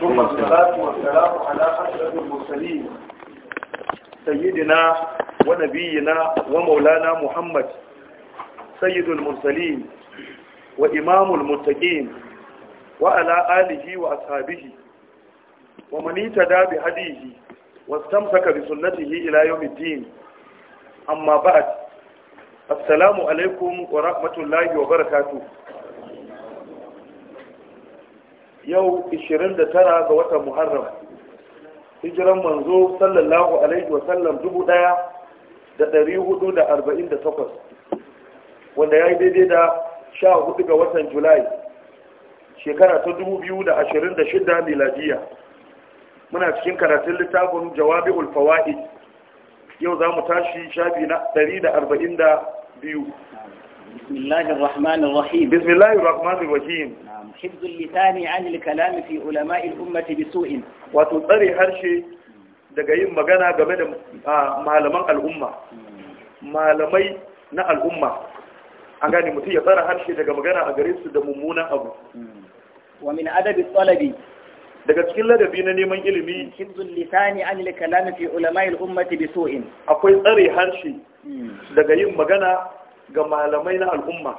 ثم الصلاة والسلام على أشرف المرسلين سيدنا ونبينا ومولانا محمد سيد المرسلين وإمام المتقين وعلى آله وأصحابه ومن اهتدى بهديه واستمسك بسنته إلى يوم الدين أما بعد السلام عليكم ورحمة الله وبركاته yau 29 ga watan muharram hijiran manzo sallallahu alaihi wasallam 1448 wanda ya yi daidai da 14 ga watan julai shekara ta 2026 miladiya muna cikin karatun littafin jawabi ulfawa'i yau za mu tashi shafi na 142 da arba'in da biyu. بسم حفظ اللسان عن الكلام في علماء الأمة بسوء وتطري هرشي daga yin magana game da ah, malaman al'umma malamai na al'umma an gane mutum ya tsara harshe daga magana a gare su da mummunan abu wa min adabi daga cikin ladabi na neman ilimi hibzul lisani an al kalam fi ulama al ummati bi akwai tsare harshe hmm. daga yin magana ga malamai na al'umma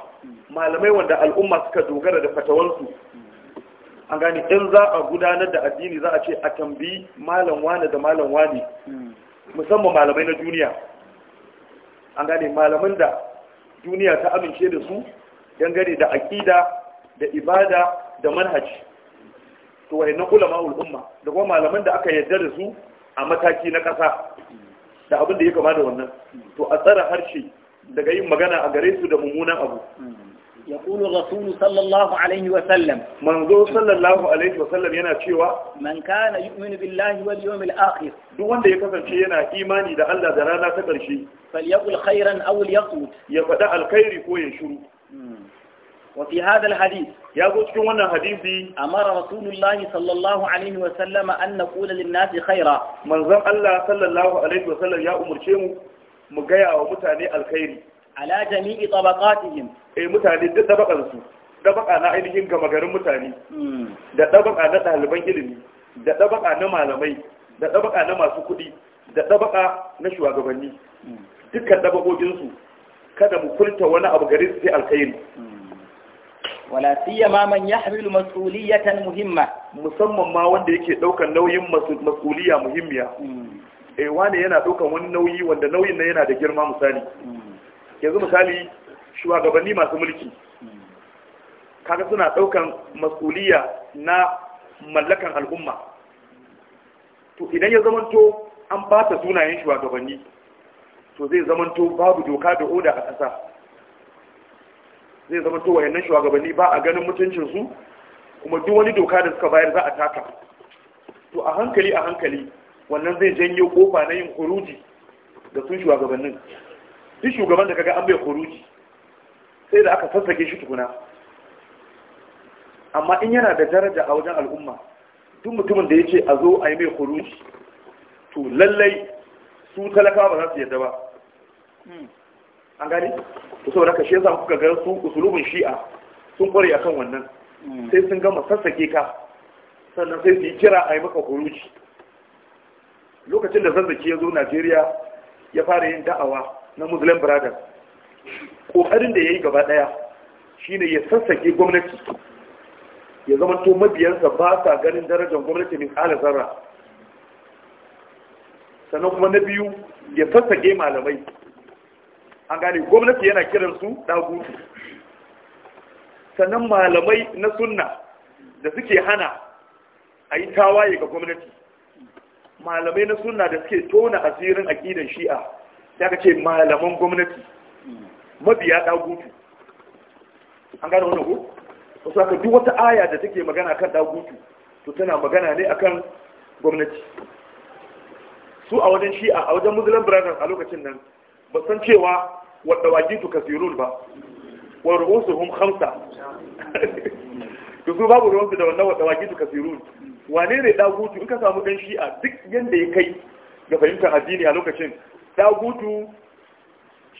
malamai wanda al'umma suka dogara da fatawansu an gani in za a gudanar da addini za a ce a tambayi malam wane da malam wane musamman malamai na duniya an gani malamin da duniya ta amince da su dangane da aƙida da ibada da manhaji to wai na ulama al'umma da kuma malamin da aka yarda da su a mataki na ƙasa da abin da ya kama da wannan to a tsara harshe daga yin magana a gare su da mummunan abu Ya يقول الرسول sallallahu alaihi wa sallam. Manzo sallallahu alaihi wa sallam yana cewa man kana yu'minu billahi wal yawmil akhir duk wanda ya kasance yana imani da Allah da rana ta karshe falyaqul khairan aw liyaqut ya fada alkhairi ko ya shiru hmm. wa fi hadha alhadith ya zo cikin wannan hadisi amara rasulullah sallallahu alaihi wa sallam an naqula lin nasi khaira manzon Allah sallallahu alaihi wa sallam ya umurce mu mu gaya wa mutane alkhairi ala jami'i tabaqatihim eh mutane duk tabakan su tabaka na ainihin gama garin mutane hmm. da tabaka na ɗaliban ilimi da tabaka na malamai da tabaka na masu kuɗi da tabaka na shugabanni hmm. dukkan tabakokin su kada mu kulta wani abu garin sai alkhairi hmm. wala siya ma man yahmilu mas'uliyatan muhimma musamman ma wanda yake daukan nauyin mas'uliyya muhimmiya eh wane yana ɗaukan wani nauyi wanda nauyin nan yana da girma misali yanzu misali shugabanni masu mulki kaga suna ɗaukan masuliya na mallakan al'umma to idan ya zamanto an bata sunayen shugabanni to zai zamanto babu doka da oda a ƙasa zai zamanto wayannan shugabanni ba a ganin mutuncinsu kuma duk wani doka da suka bayar za a taka to a hankali a hankali wannan zai janyo kofa na yin kuruji da sun shugabannin shi shugaban da kaga an bai kuruji sai da aka sassake shi tukuna amma in yana da daraja a wajen al'umma tun mutumin da ya ce a zo a yi mai kuruji to lallai su talakawa ba za su yadda ba hmm. an gani to saboda ka shi yasa kuka gara su usulubin shi'a sun kware akan wannan hmm. sai sun gama sassake ka sannan sai su yi kira a yi maka kuruji lokacin da zazzaki ya zo najeriya ya fara yin da'awa na muslim brothers ƙoƙarin da ya yi gaba ɗaya shine ya sassake gwamnati ya zama to mabiyansa ba sa ganin darajar gwamnati min ala zarra sannan kuma na biyu ya sassake malamai an gane gwamnati yana kiran su ɗagutu sannan malamai na sunna da suke hana a yi tawaye ga gwamnati malamai na suna da suke tona asirin aqidan shi'a ya ka ce malaman gwamnati mabiya ɗagutu. an gane wani ko wasu aka duk wata aya da take magana kan ɗagutu, to tana magana ne akan gwamnati su a wajen shi'a a wajen muslim brothers a lokacin nan ba san cewa wadda wajitu kasirun ba wa ru'usuhum khamsa to su babu ruwansu da wannan wadda wajitu kasirun wane ne dagutu in ka samu dan shi'a duk yanda ya kai ga fahimtar addini a lokacin dagutu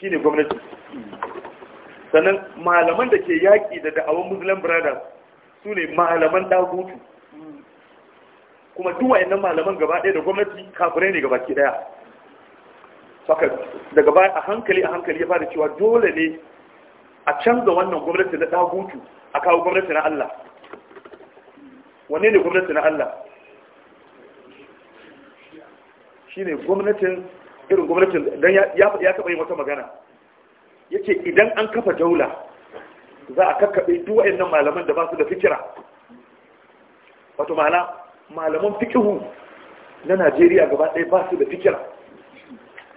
shine gwamnati sannan malaman da ke yaƙi da da'awar muslim brothers su ne malaman dagutu kuma duwa yannan malaman gaba ɗaya da gwamnati kafirai ne gaba ki ɗaya saka daga baya a hankali a hankali ya fara cewa dole ne a canza wannan gwamnati na dagutu a kawo gwamnati na Allah wanne ne gwamnati na Allah shine gwamnatin irin gwamnatin don ya taɓa yin wata magana Ya ce idan an kafa daula za a kakkaɓe duk nan malaman da ba su da fikira wato ma'ana malaman fikihu na Najeriya gaba ɗaya ba su da fikira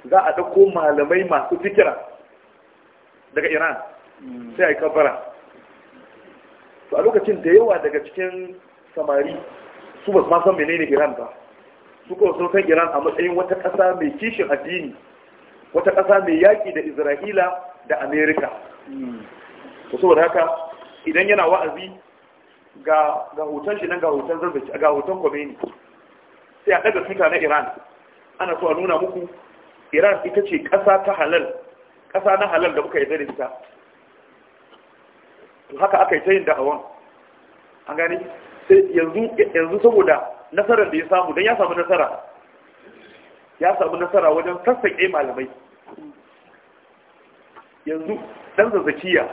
za a ɗauko malamai masu fikira daga Iran sai a yi kabbara to a lokacin da yawa daga cikin samari su ba ma san menene iran ba su ko sun san iran a matsayin wata ƙasa mai kishin addini wata ƙasa mai yaƙi da isra'ila da amerika to saboda haka idan yana wa'azi ga hoton shi nan ga hoton zazzaci ga hoton sai a ɗaga suka na iran ana so a nuna muku iran ita ce ƙasa ta halal ƙasa na halal da muka yi da ita to haka aka yi ta yin da'awan an gani sai yanzu yanzu saboda nasarar da ya samu dan ya samu nasara ya samu nasara wajen sassaƙe malamai yanzu dan zazzakiya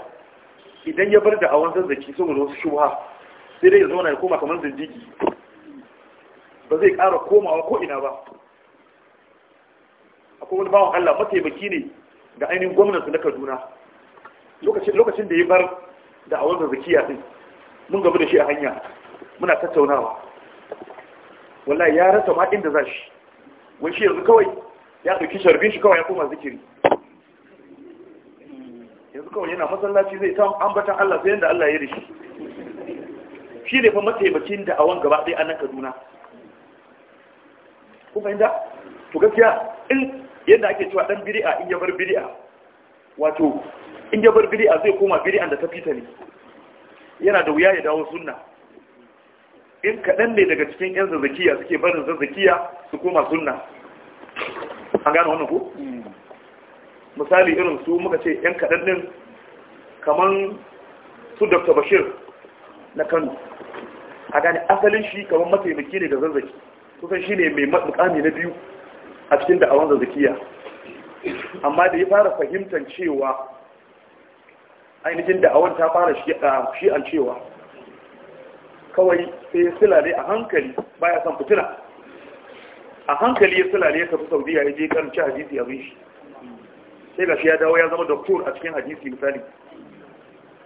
idan ya bar da awon zazzaki saboda wasu shubha sai dai ya zauna ya koma kamar zanjiki ba zai ƙara komawa ko ina ba akwai wani bawan Allah mataimaki ne ga ainihin gwamnati na Kaduna lokacin da ya bar da awon zazzakiya din mun gaba da shi a hanya muna tattaunawa wallahi ya rasa ma inda za shi wani shi yanzu kawai ya ɗauki sharbin shi kawai ya koma zikiri yanzu kawai yana masallaci zai ta ambatan Allah sai yadda Allah ya rishi shi ne fa mataimakin da awon gaba ɗaya a nan Kaduna ku fahimta to gaskiya in yadda ake cewa dan bid'a in ya bar bid'a wato in ya bar bid'a zai koma bid'an da ta fita ne yana da wuya ya dawo sunna in kaɗan ne daga cikin 'yan zazzakiya suke barin zazzakiya su koma sunna an gano wannan ku? Hmm. misali irin su muka ce 'yan kaɗan ɗin kaman su dr bashir na kano a gane asalin shi kaman mataimaki ne da zazzaki kusan shi ne mai mukami na biyu a cikin da'awar zazzakiya amma da ya fara fahimtar cewa ainihin da'awar ta fara shi'an cewa kawai sai ya silale a hankali baya son fitina a hankali ya silale ya tafi saudiya ya je ci hadisi a shi sai ga shi ya dawo ya zama doktor a cikin hadisi misali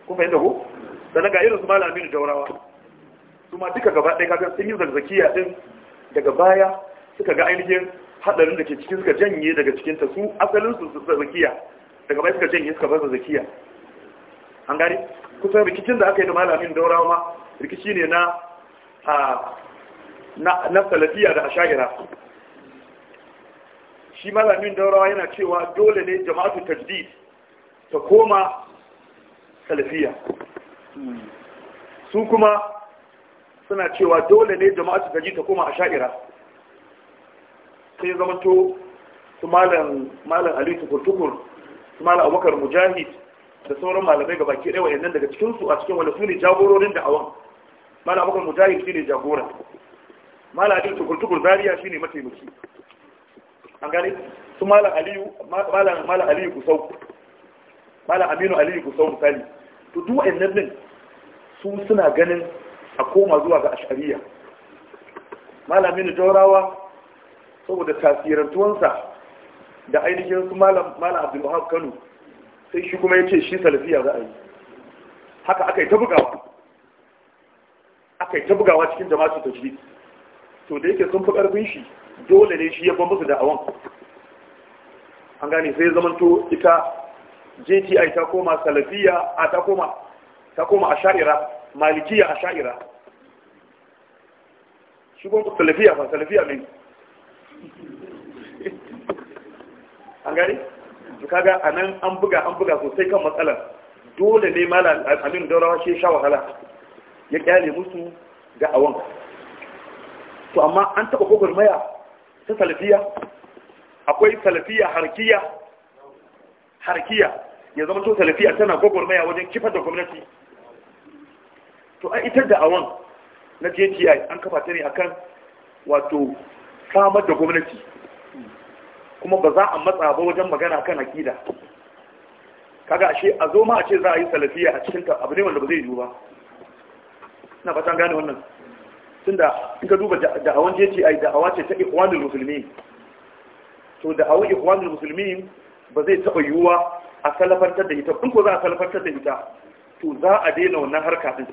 kuma yadda ko sannan ga irin su malam aminu jaurawa su ma duka gaba ɗaya kafin sun yi zarzakiya ɗin daga baya suka ga ainihin haɗarin da ke cikin suka janye daga cikin ta su asalin su zarzakiya daga baya suka janye suka bar zarzakiya an gane kusan rikicin da aka yi da malamin daurawa ma rikici ne na na salafiya da ashahira shi malamin daurawa yana cewa dole ne jama'atu tajdid ta koma salafiya su kuma suna cewa dole ne jama'atu tajdid ta koma ashahira sai zamanto su malam ali tukur-tukur su malam abubakar mujahid da sauran malamai gabaki ɗaya wa'annan daga cikinsu a cikin wani sune jagororin da awon. mala abokan mujahid shine jagora mala abin tukur-tukur zariya shine mataimaki an gane su mala aliyu mala aliyu ku kusau mala aminu aliyu ku kusau misali to duk wa'annan din su suna ganin a koma zuwa ga ashariya mala aminu jawrawa saboda tasirantuwansa da ainihin su mala abdulwahab kano sai shi kuma ya ce shi salafiya za a yi haka aka yi ta bugawa aka yi ta bugawa cikin jama'atu ta shi to da yake sun fi ƙarfin shi dole ne shi ya ban da awon. an gane sai zaman to ita jti ta koma salafiya a ta koma ta koma a sha'ira malikiya sha'ira. shi kuma salafiya ba salafiya ne an gane su kaga anan an buga an buga sosai kan matsalar dole ne malar aminu daurawa shi sha wahala ya kyale musu ga awon to amma an taɓa gwagwarmaya ta salafiya akwai salafiya harkiya harkiya ya zama to salafiya tana gwagwarmaya wajen kifar da gwamnati to an itar da awon na jti an kafa ta ne akan wato samar da gwamnati kuma ba za a matsa ba wajen magana kan akida kaga ashe a zo ma a ce za a yi salafiya a cikin abu ne wanda ba zai yiwu ba ina fata gane wannan tunda in ka duba da'awan jeji ai da'awa ce ta ikwanin musulmi. to da'awar ikwanin musulmi ba zai taba yiwuwa a salafantar da ita in ko za a salafantar da ita to za a daina wannan harka din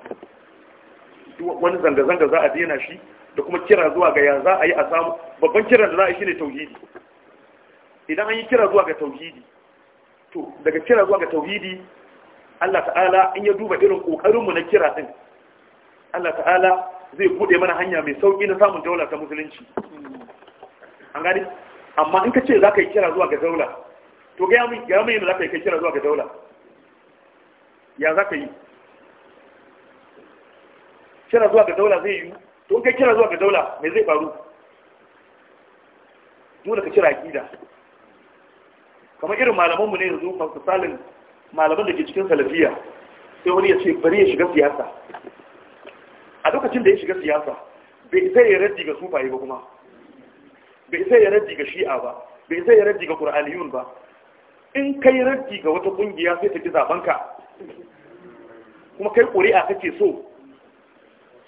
wani zanga-zanga za a daina shi da kuma kira zuwa ga ya za a yi a samu babban kiran da za a yi shine tauhidi idan an yi kira zuwa ga tauhidi to daga kira zuwa ga tauhidi Allah ta'ala in ya duba irin kokarinmu na kira din Allah ta'ala zai bude mana hanya mai sauki na samun daula ta musulunci an gani amma in ka ce za ka yi kira zuwa ga daula to ga yamin ga yamin za ka yi kira zuwa ga daula ya za ka yi kira zuwa ga daula zai yi to kai kira zuwa ga daula me zai faru dole ka kira aqida kamar irin malaman mu ne yanzu masu salin malaman da ke cikin salafiya sai wani ya ce bari ya shiga siyasa a lokacin da ya shiga siyasa bai zai ya raddi ga sufaye ba kuma bai zai ya raddi ga shi'a ba bai zai ya raddi ga Kur'aniyun ba in kai raddi ga wata kungiya sai ta ji zaben ka kuma kai ƙuri'a kake so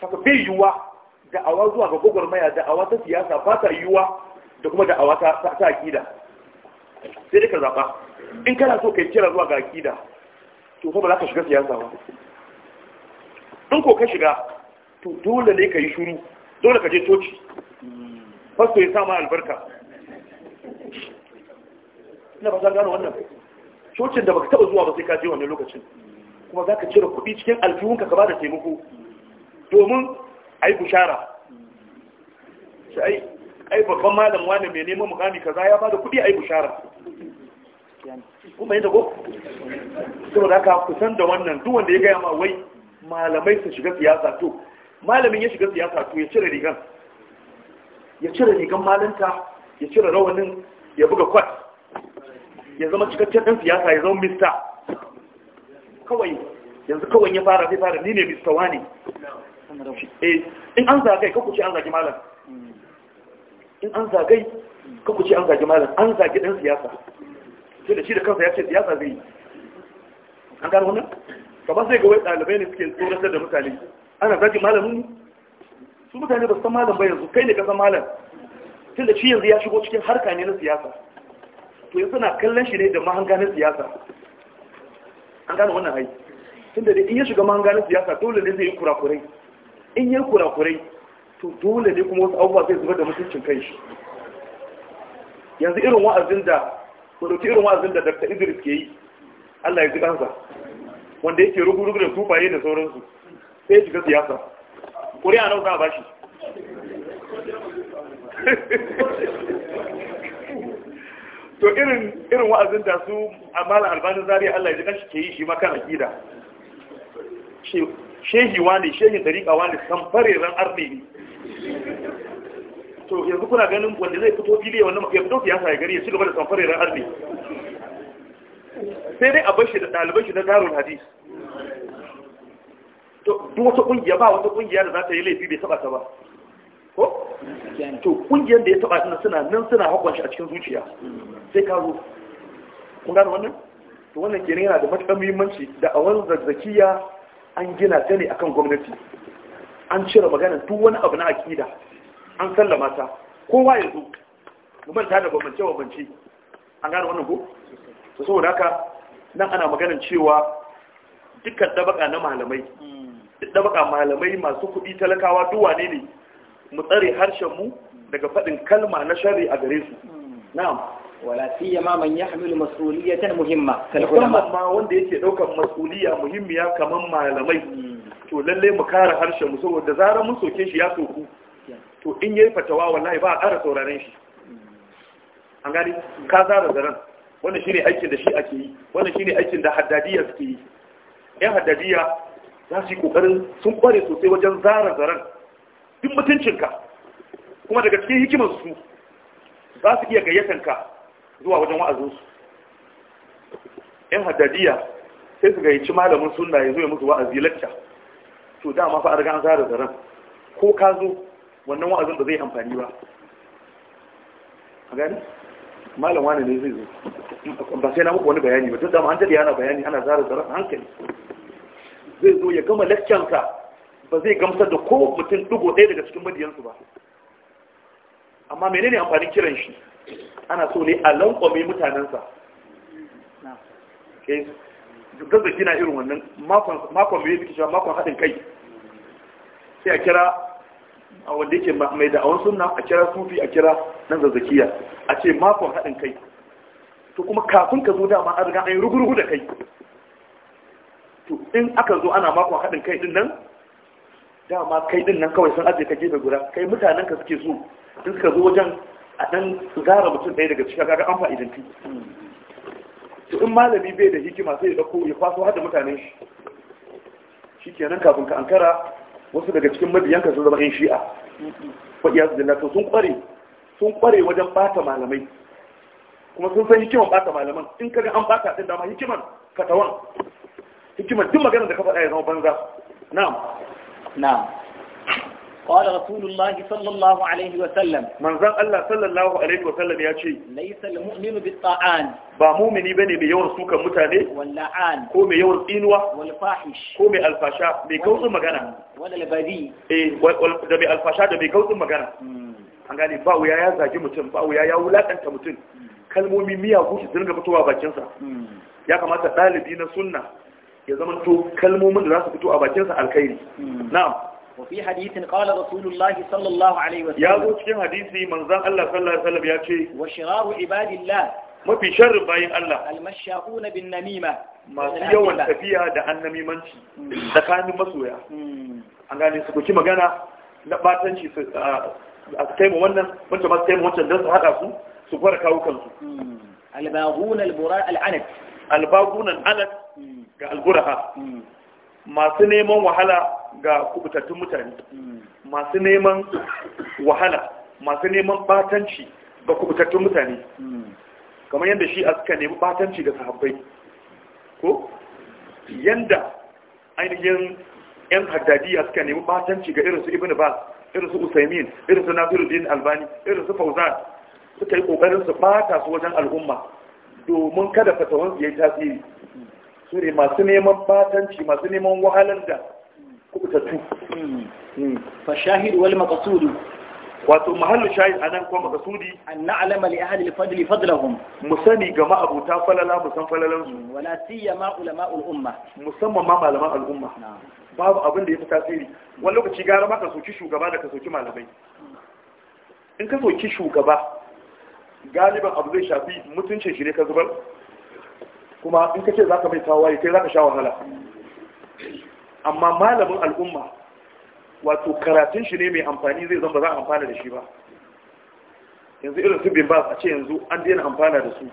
saka bai yiwuwa da'awa zuwa ga gwagwarmaya da'awa ta siyasa ba ta yiwuwa da kuma da'awa ta akida sai dai ka zaɓa in kana so kai kira zuwa ga akida to fa ba za ka shiga siyasa ba in ko ka shiga to dole ne ka yi shuru dole ka je coci fasto ya sama albarka ina ba za gano wannan cocin da baka taba zuwa ba sai ka je wannan lokacin kuma za ka cire kuɗi cikin alfihunka ka ba da taimako domin a yi bushara sai ai babban malam wani mai neman mukami kaza ya ba da kuɗi a yi bushara kuma yadda ko saboda haka kusan da wannan duk wanda ya gaya ma wai malamai su shiga siyasa to malamin ya shiga siyasa to ya cire rigan ya cire rigan malinta ya cire rawanin ya buga kwat ya zama cikakken ɗan siyasa ya zama mista kawai yanzu kawai ya fara zai fara ni ne mista wani eh, in an zagai kakuci an zagi malam in an zagai kakuci an zagi malam an zagi ɗan siyasa sai da shi da kansa ya ce siyasa zai yi an gano wannan kamar sai ga wai ɗalibai ne suke tsoratar da mutane ana zaki malamin ne su mutane ba san malam ba yanzu kai ne ka san malam tun da shi yanzu ya shigo cikin harka ne na siyasa to yanzu na kallon shi ne da mahanga na siyasa an gane wannan hai tun da in ya shiga mahanga na siyasa dole ne zai yi kurakurai in yi kurakurai to dole ne kuma wasu abubuwa zai zubar da mutuncin kai shi yanzu irin wa'azin da wadauki irin wa'azin da dr idris ke yi allah ya ji ɗansa wanda yake rugu-rugu da tufaye da sauransu sai ya shiga siyasa ƙuri'a a za a shi? to irin wa'azin da su amala albanin zariya Allah ya ji kashi ke yi shi ma kan gida shehi wani shehin dariƙa wani samfareren ran ne to yanzu kuna ganin wanda zai fito fili wannan ya fito siyasa ya gari ya ci gaba da ran arne sai dai a bashi da ɗaliban shi na darul hadis to duk wata kungiya ba wata kungiya da za ta yi laifi bai saba ta ba ko to kungiyar da ya taba suna suna nan suna hakon shi a cikin zuciya sai ka zo kun gano wannan to wannan kenan yana da matakan muhimmanci da a wani zazzakiya an gina ta ne akan gwamnati an cire magana duk wani abu na akida an sallama ta kowa ya zo mu manta da bambance bambance an gano wannan ko to saboda haka nan ana maganar cewa dukkan tabaka na malamai ɗabaka malamai masu kuɗi talakawa duwa ne ne mu tsare harshenmu daga faɗin kalma na shari a gare su na'am wala siyama man yahmilu mas'uliyatan muhimma kal ma wanda yake ɗaukar mas'uliya muhimmiya kamar malamai hmm. to lalle mu kare harshen mu saboda zarar mun soke shi ya soku to in yayi fatawa wallahi ba a ƙara sauraren shi an gani ka zara zaran wannan shine aikin da shi ake yi wannan shine aikin da haddadiya suke yi yan haddadiya za su yi kokarin sun kware sosai wajen zara zaren duk mutuncinka kuma daga cikin hikimar su za su iya gayyatanka zuwa wajen wa'azinsu yan haddadiya sai su gayyaci malamin suna ya zo ya musu wa'azi lacca to dama fa an an zara zaren ko ka zo wannan wa'azin ba zai amfani ba a gani malam wani ne zai zo ba sai na muku wani bayani ba duk dama an daɗe ana bayani ana zara zaren hankali zai zo ya gama lakcansa ba zai gamsar da ko mutum dugo ɗaya daga cikin madiyansu ba amma menene amfanin kiran shi ana so ne a lankwame mutanensa zaki na irin wannan makon mai yake cewa makon haɗin kai sai a kira a wanda yake mai awon sunna a kira sufi a kira nan zazzakiya a ce makon haɗin kai to kuma kafin ka zo dama an riga an yi rugurugu da kai to in aka zo ana makon haɗin kai din nan dama kai din nan kawai sun ajiye ka gefe guda kai mutanen ka suke so in suka zo wajen a ɗan zara mutum ɗaya daga cikin kaga an fa'idanti to in malami bai da hikima sai ya ɗauko ya kwaso hada mutanen shi Shi kenan kafin ka ankara wasu daga cikin mabiyanka sun zama 'yan shi'a faɗiya su to sun kware sun kware wajen ɓata malamai kuma sun san hikiman ɓata malaman in ka ga an ɓata ɗin dama hikiman katawan hikimar duk maganar da ka faɗa ya zama banza na'am na'am قال رسول الله صلى الله عليه وسلم من ذا الله صلى الله عليه وسلم يا شيء ليس المؤمن بالطعان با مؤمني بني مي يور سوكا متاني واللعان كو مي يور انوا والفاحش كو مي الفاشا مي كوزن مغانا ولا البذي ايه ده مي الفاشا ده مي كوزن مغانا an gane ba wuya ya zagi mutum ba wuya ya wulakanta mutum kalmomi miyagu su dinga fitowa bakinsa ya kamata ɗalibi na sunna ya zama to kalmomin da za su fito a bakinsa alkhairi hmm. na'am وفي حديث قال رسول الله صلى الله عليه وسلم يا ابو cikin hadisi manzon Allah sallallahu alaihi wasallam ya ce wa shiraru ibadillah mafi sharrin bayin Allah al-mashahuna bin namima masu yawan tafiya da annamimanci hmm. tsakanin masoya hmm. an gane su kuki magana na batanci su a su taimo wannan wancan ba su taimo wancan don su haɗa su su fara kawo kansu albaguna al'anat albaguna al'anat ga alburaha hmm. masu neman wahala ga kubutattun mutane hmm. masu neman wahala masu neman batanci ga kubutattun mutane hmm. kamar yadda shi a suka nemi batanci ga sahabbai ko yadda ainihin 'yan haddadiya suka nemi batanci ga irinsu ibn bas irinsu usaimin irinsu nasiruddin albani irinsu fauzan suka yi kokarin su bata su wajen al'umma domin kada fatawan ya yi tasiri su masu neman batanci masu neman wahalar da kubutattu fa shahid wal maqsudu wato mahallu shahid anan kuma maqsudi an na'lama li ahli al-fadl fadlahum musani ga ma'abuta falala musan falalan su wala siyama ulama al-umma musamman ma malaman al-umma babu abin da yafi tasiri wani lokaci gara ma ka soki shugaba da ka soki malamai in ka soki shugaba galiban abu zai shafi mutuncin shi ne ka zubar kuma in ka ce za ka mai tawaye kai za ka sha wahala amma malamin al'umma wato karatun shi ne mai amfani zai zan ba za a amfana da shi ba yanzu irin su bin ba a ce yanzu an daina amfana da su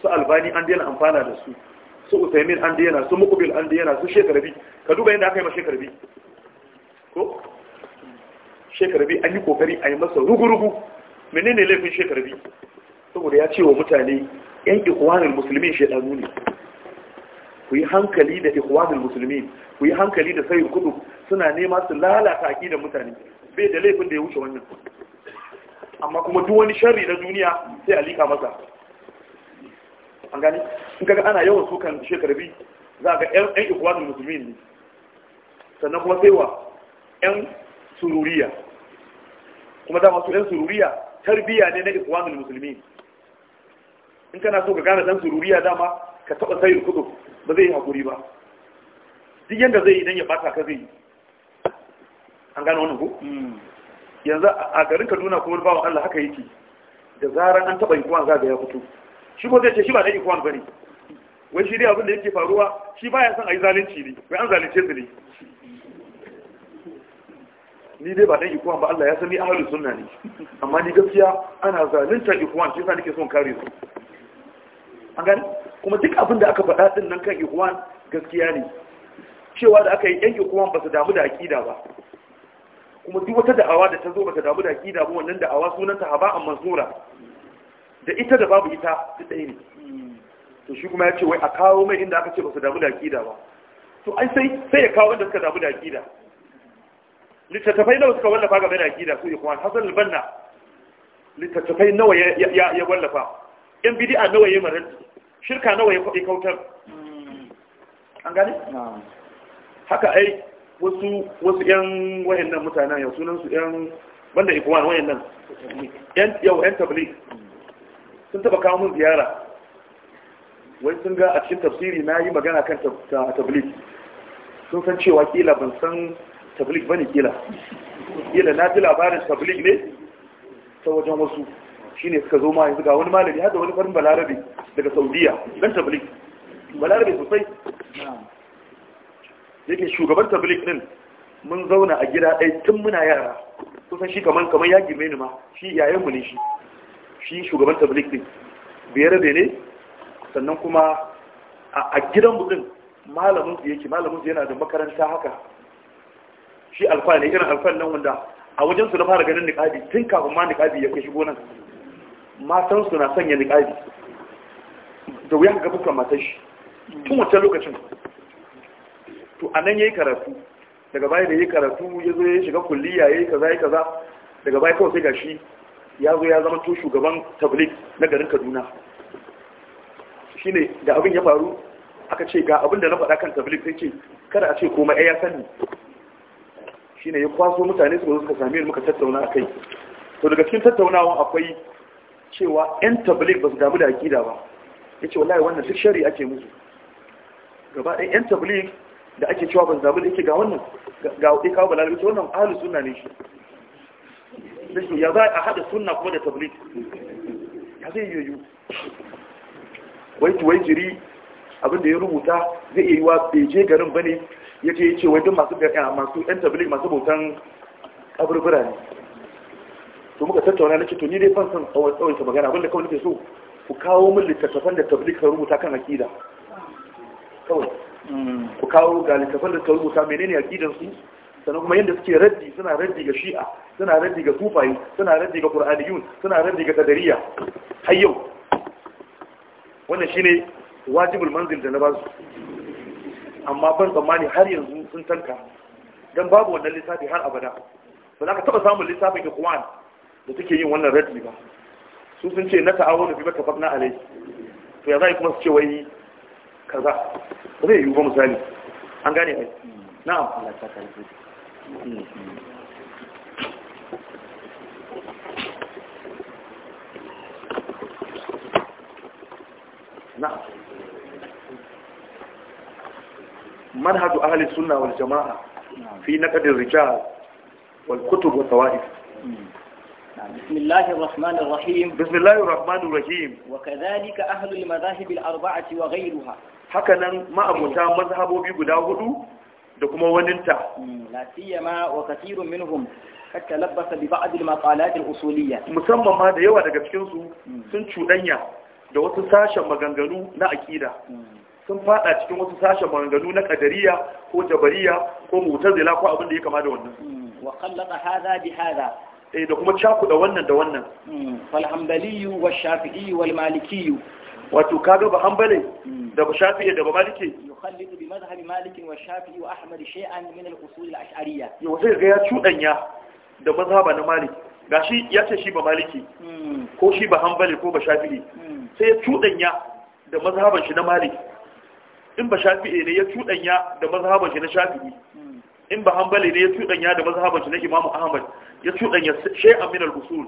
su albani an daina amfana da su su usaimin an daina su mukubil an daina su Shekarabi ka duba yadda aka yi ma Shekarabi. ko shekarbi an yi kokari a yi masa rugu-rugu menene laifin Shekarabi? saboda ya ce wa mutane yan ikwanin musulmi shedanu ne ku yi hankali da ikwanin musulmi ku yi hankali da sayyid kudu suna nema su lalata da mutane bai da laifin da ya wuce wannan amma kuma duk wani sharri na duniya sai a lika masa an gani in kaga ana yawan sukan shekarbi za ga yan ikwanin musulmi ne sannan kuma sai wa yan sururiya kuma dama su yan sururiya tarbiya ne na ikwanin musulmi in kana so ka gane dan sururiya dama ka taba sayar kudu ba zai yi hakuri ba duk yanda zai yi ya bata ka zai yi an gano wannan ko hmm. yanzu a garin Kaduna kuma bawo Allah haka yake da zaran an taba ikwan za ga ya fito shi ko zai ce shi ba da ikwan bane wai shi dai abin da yake faruwa shi baya son ai zalunci ne wai an zalunce su ne ni dai ba dan ikwan ba Allah ya san ni ahlus sunna ne amma ni gaskiya ana zalunta ikwan shi yasa nake son kare su an gani kuma duk abin da aka faɗa din nan kan ikhwan gaskiya ne cewa da aka yi ɗan ikhwan ba su damu da aƙida ba kuma duk wata da'awa da ta zo ba ta damu da aƙida ba wannan da'awa sunanta amma mansura da ita da babu ita ta ɗaya ne to shi kuma ya ce wai a kawo mai inda aka ce ba su damu da aƙida ba to ai sai sai ya kawo inda suka damu da aƙida littattafai nawa suka wallafa game da aƙida su ikhwan hasan albanna littattafai nawa ya wallafa yan bidi'a nawa ya marar shirka nawa ya kwaɗe kautar an gani? haka ai wasu wasu yan wayannan mutanen yau sunan su yan banda ikuwan wayannan yan yau yan tabli sun taba kawo mun ziyara wai sun ga a cikin tafsiri na yi magana kan tabli sun san cewa kila ban san tabli bane kila kila na ji labarin tabli ne ta wajen wasu shine suka zo ma yanzu ga wani malami Hada wani farin balarabe daga saudiya dan tablik balarabe sosai yake shugaban tablik din mun zauna a gida ɗaya tun muna yara kusan shi kaman kaman ya girme ni ma shi yayan mu ne shi shi shugaban tablik din biyar da ne sannan kuma a gidan mu din malamin su yake malamin su yana da makaranta haka shi alfa ne irin alfa nan wanda a wajen su na fara ganin niqabi tun kafin ma niqabi ya kai shigo nan matan su na sanya niqabi da wuya ga fuskar matan shi tun wancan lokacin to anan yayi karatu daga baya da yayi karatu ya zo ya shiga kulliya yayi kaza yayi kaza daga baya kawai sai gashi ya zo ya zama to shugaban tablik na garin Kaduna shine da abin ya faru aka ce ga abin da na faɗa kan tablik sai ce kada a ce koma ai ya sani shine ya kwaso mutane su suka same mu muka tattauna akai to daga cikin tattaunawa akwai cewa 'yan tablik ba su damu da aƙida ba ya ce wallahi wannan duk shari ake musu gaba ɗin 'yan tablik da ake cewa ba su damu da yake ga wannan ga waɗe kawo balarabe ce wannan ahalu suna ne shi ya za a haɗa suna kuma da tablik ya zai yiwu wai tuwai jiri abinda ya rubuta zai iya yi bai je garin ba ne ya ce ya ce wai duk masu 'yan tablik masu bautan abubuwa ne to muka tattauna nake to ni dai fan san tsawon ta magana abinda kawai nake so ku kawo min littattafan da tablik ka rubuta kan akida kawai mm. ku kawo ga littattafan da ka rubuta menene akidan su sannan kuma yadda suke raddi suna raddi ga shi'a suna raddi ga sufayi suna raddi ga qur'aniyun suna raddi ga qadariya har yau wannan shine wajibul manzil da na ba su amma ban tsammani har yanzu sun tanka dan babu wannan lissafi har abada ba za ka taba samun lissafin kuwan? da take yin wannan raddi ba su sun ce na ta'awo da bima tafafna alai to ya zai kuma su ce wai kaza ba zai yiwu ba misali an gane ai na'am na'am manhaj ahli sunna wal jama'a fi naqd ar-rijal wal kutub wa tawaif hmm. بسم الله الرحمن الرحيم بسم الله الرحمن الرحيم وكذلك أهل المذاهب الأربعة وغيرها هكذا ما أبوتا مذهبه بقداه da kuma waninta hmm, la siyama wa kathirun minhum kad talabbasa bi ba'd al maqalat musamman ma da yawa daga cikin su hmm. sun cudanya da wasu sashen maganganu na hmm. sun fada cikin wasu sashen maganganu na kadariya ko jabariya ko mu'tazila ko abin da ya kama da wannan wa khallata hada bi hada. eh da kuma cakuda wannan da wannan hmm, fal wa shafi'i wal maliki wato kaga ba hanbali hmm. da ba shafi'i da ba maliki yukhallidu bi madhhabi malik wa shafi'i wa ahmad shay'an min al usul al ash'ariyya yau sai ga ya cudanya da mazhaba na malik gashi ya ce shi ba maliki hmm. ko shi ba hanbali ko ba shafi'i sai ya cudanya da mazhaban shi na malik in ba shafi'i ne ya cudanya da mazhaban shi na shafi'i in ba hanbali ne ya cudanya da mazhaban shi na imamu ahmad ya cuɗanya shay'an min al-usul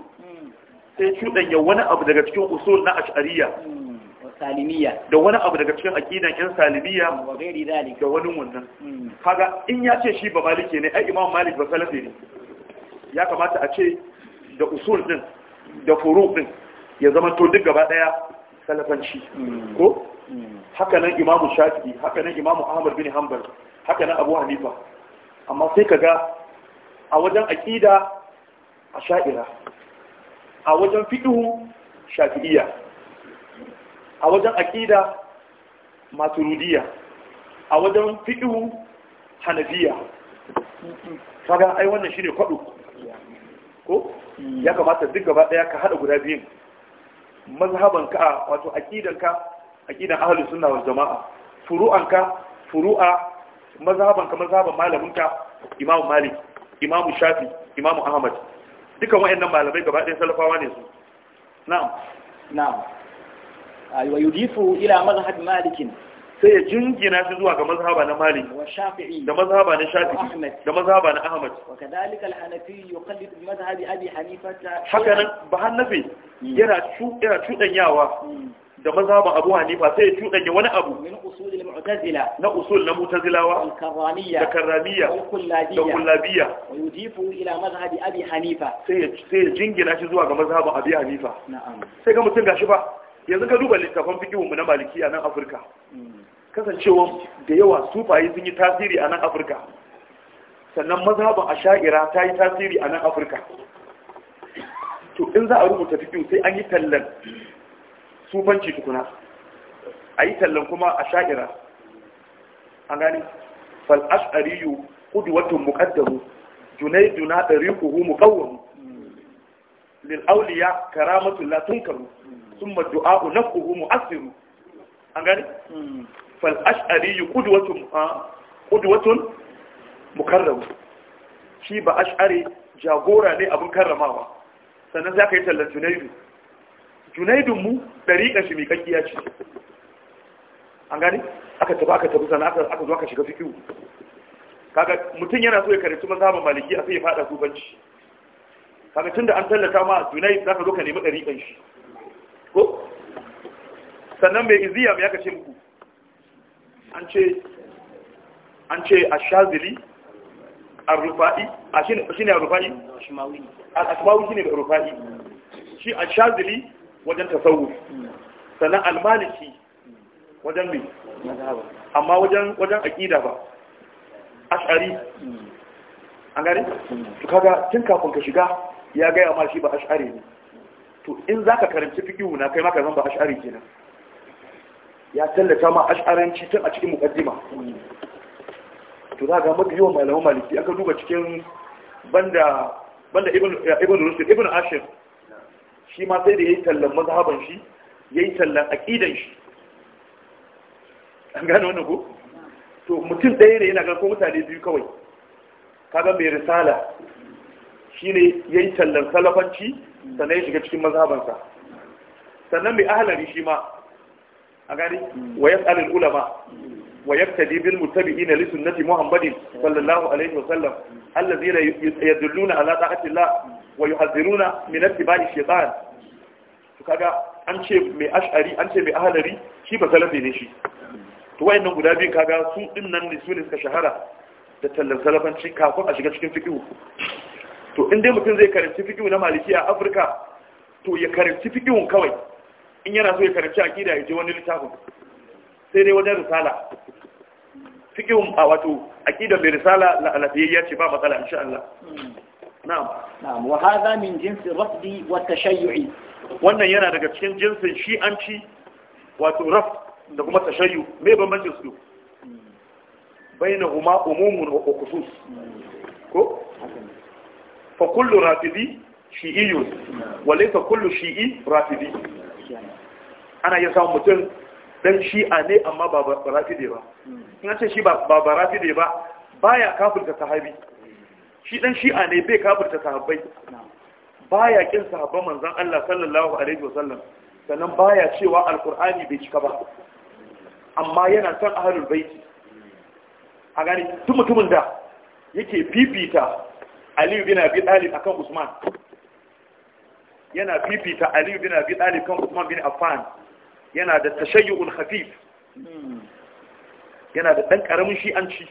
sai cuɗanya wani abu daga cikin usul na ash'ariyya hmm. salimiya da wani abu daga cikin aqidan yan salimiya da wani wannan hmm. kaga in ya ce shi ba malike ne ai imam malik ba salafi ne ya kamata a ce da usul din da furu din ya zama to duk gaba daya salafanci hmm. ko haka nan imamu shafi'i haka nan imamu ahmad bin hanbal haka nan abu hanifa amma sai kaga a wajen aqida a sha'ira a wajen fiɗihu shafi'iya a wajen aƙida maturudiya a wajen fiɗihu hanafiya kaga ai wannan ne kwaɗo ko ya kamata duk gaba ɗaya ka haɗa guda biyun mazhabanka a wato aƙidanka aƙidan ahalin suna wa jama'a furu'anka furu'a mazhabanka mazhaban malaminka imamu malik imamu shafi imamu ahmad dukan wayannan malamai gaba ɗaya salafawa ne su na'am na'am ah, wa yudifu ila mazhab malikin sai ya jingina shi zuwa ga mazhaba na Malik da mazhaba na Shafi'i da mazhaba na Ahmad wakadalika al-Hanafi yuqallid mazhab Abi Hanifa haka nan ba Hanafi hmm. yana yana cudanyawa hmm. da maza ba Abu Hanifa sai ya tudanya wani abu na usul na mu'tazilawa da karramiyya da karramiyya da kullabiyya sai ya sai ya jingina shi zuwa ga maza ba Abi Hanifa sai ga mutum gashi ba yanzu ka duba littafan fiqhu na maliki a nan Afirka hmm. kasancewa da yawa sufaye sun yi tasiri a nan Afirka sannan a sha'ira ta yi tasiri a nan Afirka to in za a rubuta fiqhu sai an yi tallan sufanci tukuna a yi tallan kuma a sha'ira an gani fal'ashariyu kuduwatun muƙaddamu junaidu na ɗari kuhu muƙawwamu lil'auliya karamatun latunkaru sun maddu'a'u na kuhu asiru. an gani hmm. fal'ashariyu kuduwatun mukarramu shi ba ashari jagora ne abin karramawa sannan za ka yi tallan junaidu junaidun mu dariƙar shi mai kakkiya ce an gani aka tafi aka tafi sana aka zo aka shiga fikiyu kaga mutum yana so ya karanci mazhabin maliki a sai ya fada sufanci kaga tunda an tallata ma junaid zaka zo ka nemi dariƙan shi ko sannan mai iziya mai aka ce muku an ce an ce ashazili ar-rufa'i a ne ar-rufa'i A al shi ne da rufa'i shi ashazili wajen tasawuf sannan almaliki wajen mai amma wajen wajen aqida ba ash'ari an gari? to kaga tun kafin ka shiga ya gaya ma shi ba ash'ari ne to in za ka karanci fiqhu na kai maka zan ba ash'ari kenan ya tallata ma ash'aranci tun a cikin mukaddima to za ga mafi yawan malamu maliki aka duba cikin banda banda ibn ibn ibn ashir shi ma sai da ya yi tallan mazhaban shi ya yi tallan aƙidan shi an gane wannan ko to mutum ɗaya ne yana ga ko mutane biyu kawai kaga mai risala Shi ne ya yi tallan salafanci sannan ya shiga cikin mazhabansa sannan mai ahalari shi ma a gani hmm. wa yas'alul ulama wa yaktadi bil muttabi'ina li sunnati muhammadin sallallahu alaihi wa sallam allazina yadulluna ala ta'atillah wa yuhadhiruna min ba shaytan to kaga an ce mai ash'ari an ce mai ahlari shi ba salafi ne shi to wayannan guda biyu kaga su din nan ne su ne suka shahara da tallan salafanci kafin a shiga cikin fiqh to in dai mutum zai karanci fiqh na maliki a Afirka to ya karanci fiqh kawai in yana so ya karanci akida ya je wani littafin sai dai wajen risala fiqh a wato akida mai risala lafiyayya ce ba matsala insha Allah na'am na'am wa wannan yana daga cikin jinsin shi'anci wato raf da kuma tashayyu me bambancin su bainahuma umumun wa khusus ko fa kullu rafidi shi'iyyun wa laysa kullu shi'i rafidi ana yin samun mutum dan shi'a ne amma ba rafide ba in ce shi ba rafide ba baya kafirta sahabi shi dan shi'a ne bai kafirta sahabbai baya kin sahabban manzon Allah sallallahu alaihi wasallam sannan baya cewa alqur'ani bai cika ba amma yana son ahlul baiti a gani duk mutumin da yake fifita Aliyu bin Abi Talib akan Usman yana fifita Aliyu bin Abi Talib kan Usman bin Affan yana da tashayyu'ul khafif hmm. yana da dan karamin shi'anci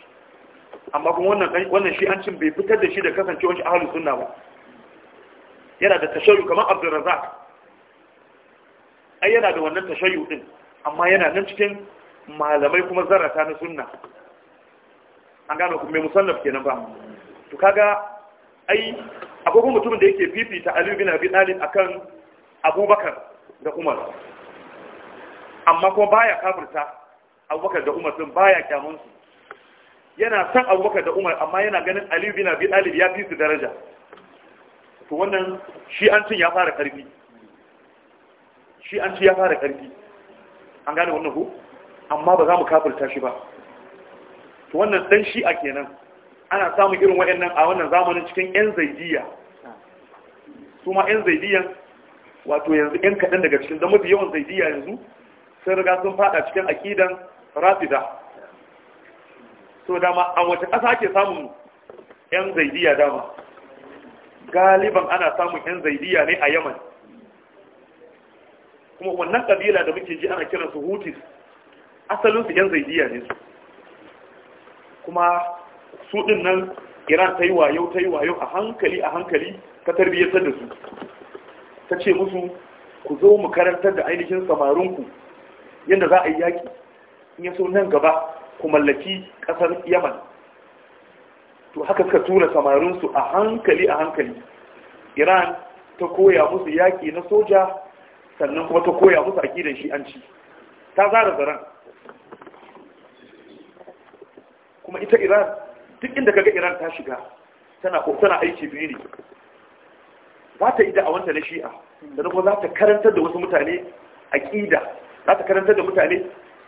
amma kuma wannan shi an cin bai fitar da shi da kasancewar shi ahlus suna ba yana da tashayyu kamar Abdul ai yana da wannan tashayyu din amma yana nan cikin malamai kuma zarata na suna. an gano kuma mai musallaf kenan ba to kaga ai akwai mutumin da yake fifita Ali bin Abi Talib akan Abubakar da Umar amma kuma baya kafirta Abubakar da Umar din baya kyamun yana san abubakar da umar amma yana ganin aliyu bin abi talib ya fi su daraja to wannan shi an cin ya fara karfi shi an ci ya fara karfi an gane wannan ko amma ba za mu kafirta shi ba to wannan dan shi a kenan ana samun irin wa'annan a wannan zamanin cikin yan zaidiya su ma yan zaidiyan wato yanzu yan kaɗan daga cikin da mafi yawan zaidiya yanzu sun riga sun fada cikin akidan rafida so dama a wata ƙasa ke samun 'yan zaidiya dama galiban ana samun 'yan zaidiya ne a yaman kuma wannan ƙabila da muke ji ana kiransu hutis asalinsu 'yan zaidiya ne su kuma su ɗin nan iran ta yi wayo ta yi wayo a hankali a hankali ta tarbiyyatar da su ta ce musu ku zo mu karantar da ainihin samarinku yadda za a yi yaƙi in yaso nan gaba ku mallaki ƙasar yaman to haka suka tura samarinsu a hankali a hankali iran ta koya musu yaƙi na soja sannan kuma ta koya musu an shi'anci ta zara zaren kuma ita iran duk inda kaga iran ta shiga tana aiki biyu ne za ta yi awanta na shi'a sannan kuma za ta karantar da wasu mutane aƙida za ta karantar da mutane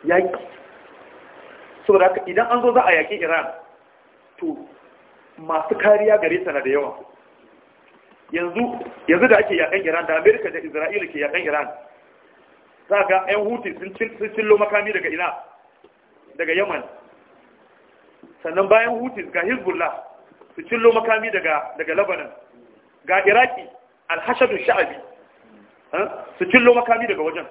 yaƙi saboda haka idan an zo za a yaƙi iran to masu kariya gare ta na da yawa yanzu yanzu da ake yaƙan iran da amerika da isra'ila ke yaƙan iran za ga 'yan hutu sun cillo makami daga ina daga yaman sannan bayan hutu ga hezbollah su cillo makami daga daga lebanon ga iraki alhashadun sha'abi eh? su cillo makami daga wajen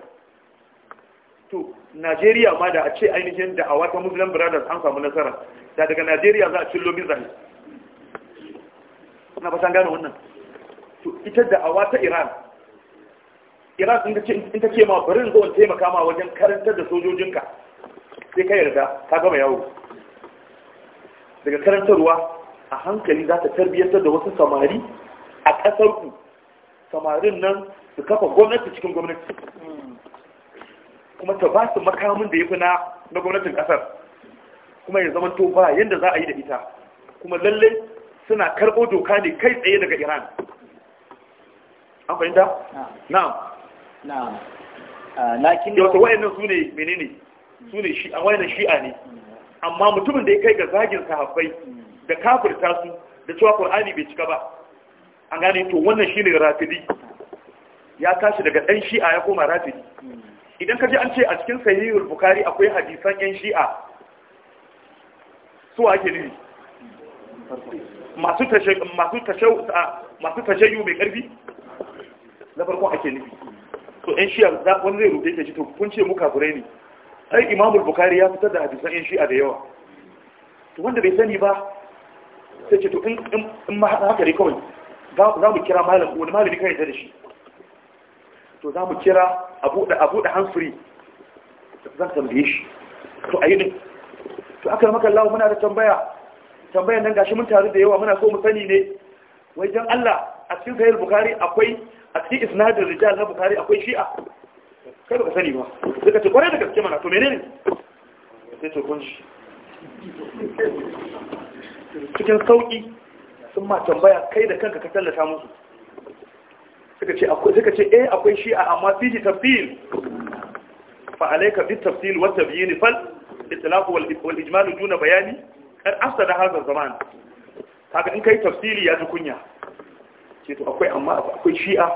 to najeriya ma da a ce ainihin da a wata muslim brothers an samu nasara da daga najeriya za a cillo mizani na fasan gane wannan to ita da a wata iran iran in ta ce ma bari zo in taimaka ma wajen karantar da sojojinka sai ka yarda ka gama yawo daga karantarwa a hankali za ta tarbiyyantar da wasu samari a ku, samarin nan su kafa gwamnati cikin gwamnati kuma ta ba su makamin da ya fi na gwamnatin ƙasar kuma ya zama to ba yadda za a yi da ita kuma lallai suna karɓo doka ne kai tsaye daga iran an fahimta? Na. na ah, lakin da wata wayannan su ne menene su ne shi a wayannan shi'a ne hmm. amma mutumin da ya kai ga zagin sahabbai hmm. da kafirta su da cewa qur'ani bai cika ba an gane to wannan shine rafidi hmm. ya tashi daga ɗan shi'a ya koma rafidi idan ka ji an ce a cikin sahihul bukari akwai hadisan yan shi'a su ake nufi masu tashayyu mai ƙarfi? na farko ake nufi to yan shi'a za wani zai rute ke shi to kun ce muka kure ne ai imamul bukari ya fitar da hadisan yan shi'a da yawa to wanda bai sani ba sai ce to in ma haka ne kawai za mu kira malam wani malami kan ta da shi to za mu kira a buɗe hansuri zan tambaye shi to a yi ne to aka maka lawa muna da tambaya tambayan nan gashi mun taru da yawa muna so mu sani ne wai dan Allah a cikin sahih bukhari akwai a cikin isnadin rijal na bukhari akwai shi'a kai baka sani ba Daga ce kwarai da gaske mana to menene sai to kun cikin sauki sun ma tambaya kai da kanka ka tallata musu suka ce akwai eh akwai shi'a amma fihi tafsil fa alayka bi tafsil wa tabyin fal itlaq wal wal ijmal duna bayani kad afsada hadha zaman kaga in kai tafsili ya ji kunya ce to akwai amma akwai shi'a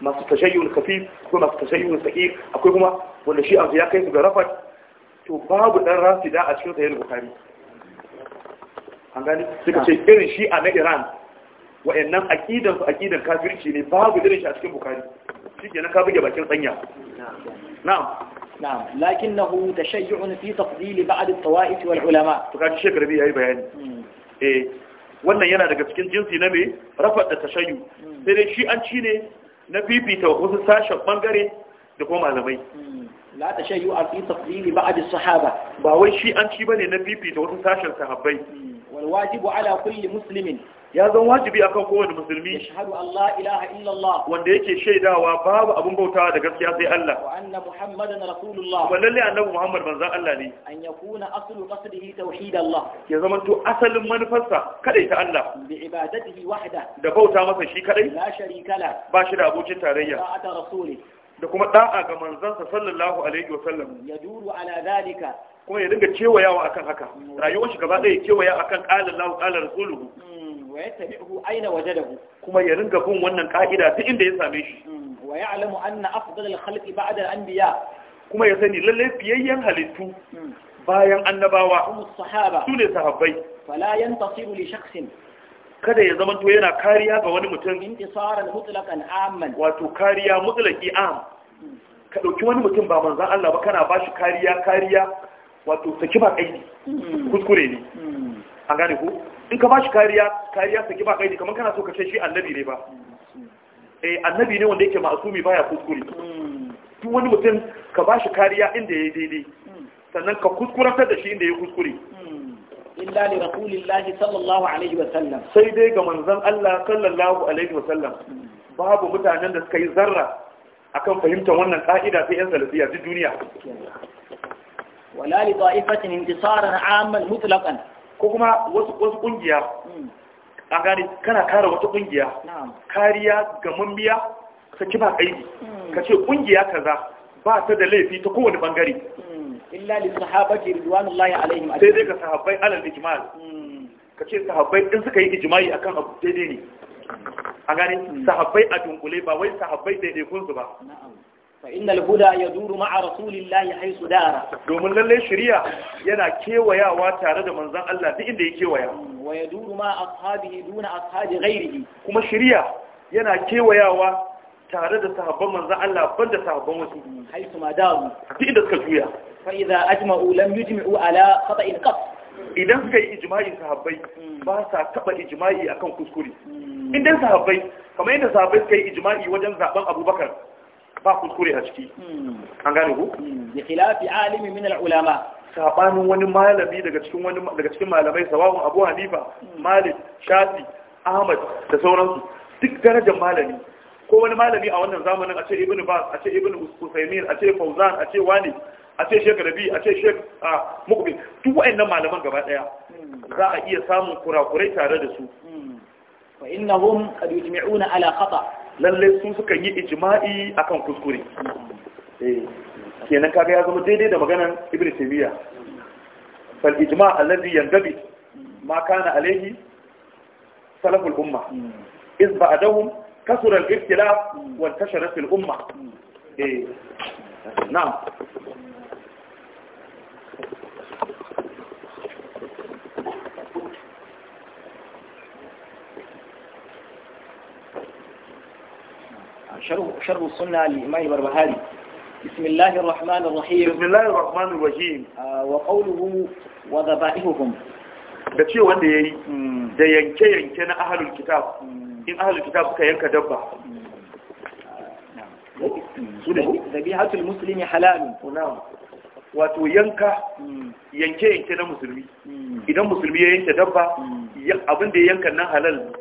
masu tashayyun khafif akwai masu tashayyun sahih akwai kuma wanda shi'a ya kai su ga rafat to babu dan rafida a cikin sahih bukhari an gani suka ce irin shi'a na iran wa'annan aqidan su aqidan kafirci ne babu irin shi a cikin bukari shikenan ka buge bakin tsanya na'am na'am lakinnahu tashayyu'un fi tafdil ba'd at-tawa'if wal ulama to kaji shekar bi yayi bayani eh wannan yana daga cikin jinsi na me rafat da tashayyu sai dai shi an ci ne na fifita wasu sashen bangare da kuma malamai la tashayyu fi tafdil ba'd as-sahaba ba wai shi an ci bane na fifita wasu sashen sahabbai wal wajibu ala kulli muslimin ya zan wajibi akan kowane musulmi shahadu Allah ilaha illallah wanda yake shaidawa babu abin bautawa da gaskiya sai Allah wa anna muhammadan rasulullah wa lalle annabi muhammad manzon Allah ne an yakuna aslu qasdihi tauhid Allah ya zama to asalin manufarsa kadai ta Allah bi ibadatihi wahda da bauta masa shi kadai la sharika la ba shi da abokin tarayya ta'ata da kuma da'a ga manzansa sallallahu alaihi wa sallam yaduru ala zalika kuma ya dinga kewayawa akan haka mm. rayuwar shi gaba ɗaya kewaya akan qala Allahu qala rasuluhu mm. wa yattabi'uhu aina wajadahu kuma ya ringa bin wannan ka'ida ta inda ya same shi hmm. wa ya'lamu anna afdal al-khalqi ba'da al-anbiya kuma ya sani lalle fiyayyen halittu hmm. bayan annabawa su ne sahabbai fala yantasiru li shakhsin kada ya zama to yana kariya ga wani mutum intisaran mutlaqan amman wato kariya mutlaqi am hmm. ka dauki wani mutum ba manzon Allah ba kana bashi kariya kariya wato saki ba kai kuskure ne an gane ku in ka ba shi kariya kariya saki ba kaidi kamar kana so ka kai shi annabi ne ba eh annabi ne wanda yake ma'asumi baya kuskure duk wani mutum ka ba shi kariya inda yayi daidai sannan ka kuskuratar da shi inda yayi kuskure illa li rasulillahi sallallahu alaihi wa sallam sai dai ga manzon Allah sallallahu alaihi wa sallam babu mutanen da suka yi zarra akan fahimtar wannan ka'ida sai yan salafiya duk duniya wala li ta'ifatin intisaran amal mutlaqan ko kuma wasu wasu kungiya hmm. an gane kana kare wata kungiya kariya ga mambiya ka kiba aiki. Hmm. ka ce kungiya kaza ba ta da laifi ta kowane bangare hmm. illa li sahabati ridwanullahi alaihim sai dai ka sahabbai alal ijmal ka ce sahabbai din suka yi ijmai akan abu daidai ne a gane sahabbai a dunkule ba wai sahabbai daidai su ba فإن الهدى يدور مع رسول الله حيث دار دومن لله شريعة ينا كيويا واتare da manzon Allah duk inda ya kewaya wa yaduru ma ashabihi duna ashabi ghairihi kuma shari'a yana kewayawa tare da sahabban manzon Allah banda sahabban wasu haisu ma daru duk inda suka juya fa idza ajma'u lam idan suka yi ijma'i sahabbai hmm. ba sa taba ijma'i akan kuskure hmm. idan sahabbai kamar yadda sahabbai suka yi ijima'i wajen zaben Abubakar ba kuskure a ciki hmm. an gane ku hmm. bi khilafi alimi min al-ulama sabanin wani malami daga cikin wani daga cikin malamai sawawun Abu Hanifa hmm. Malik Shafi Ahmad da sauransu duk darajar malami ko wani malami a wannan zamanin a ce Ibn Bas a ce Ibn Usaymin a ce Fauzan a ce Wani a ce Sheikh Rabi a ce Sheikh Mukbil duk wayannan malaman gaba daya za a iya samun kurakurai tare da su fa innahum qad yujmi'una ala khata' Lallai su suka yi ijma'i akan kuskure eh, kenan kaga ya zama daidai da maganan ibn taymiya fal ijma' alladhi yandabi ma kana alayhi salaful umma iz ba'dahum kasura al-ikhtilaf wa intashara fil umma eh na'am شرح السنة للإمام البربهاري بسم الله الرحمن الرحيم بسم الله الرحمن الرحيم وقوله da ce wanda ya yi da yanke-yanke na ahalul kitab in ahalul kitab suka yanka dabba zabihatul muslimi halalun wato yanka yanke-yanke na musulmi idan musulmi ya yanke dabba abin ya yanka halal